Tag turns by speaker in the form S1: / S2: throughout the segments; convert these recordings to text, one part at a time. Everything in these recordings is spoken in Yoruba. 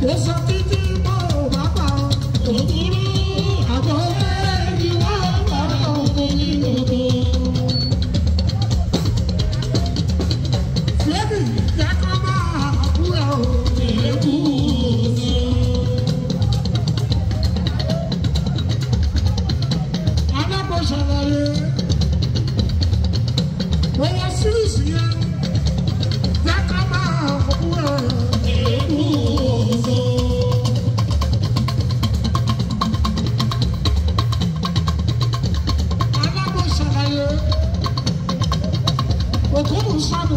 S1: What's up, Eu tenho um estado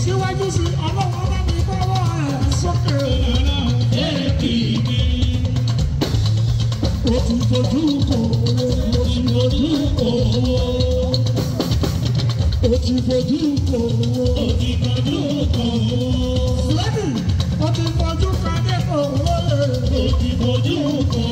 S1: síwájú sí ọlọ́wọ́ bá mi kọ́wọ́ ẹ̀ sókè èkìtì. ó ti fojú kò ó ti fojú kò ó ti fojú kò ó ti fojú kò. lẹ́nu ó ti fojú kadé kò ó lè. ó ti fojú kò.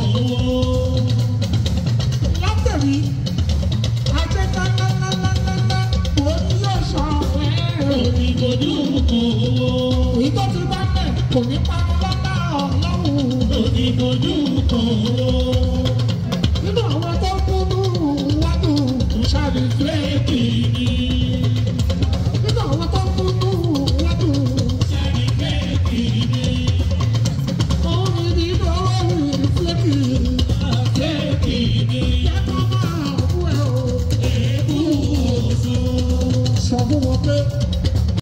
S1: kò ní parọ́ lọ́lá ọlọ́run lòdì dojú kòró. nínú àwọn tó ń kúrú wádùn kò sáré fúlẹ́ẹ̀kì ni. nínú àwọn tó ń kúrú wádùn kò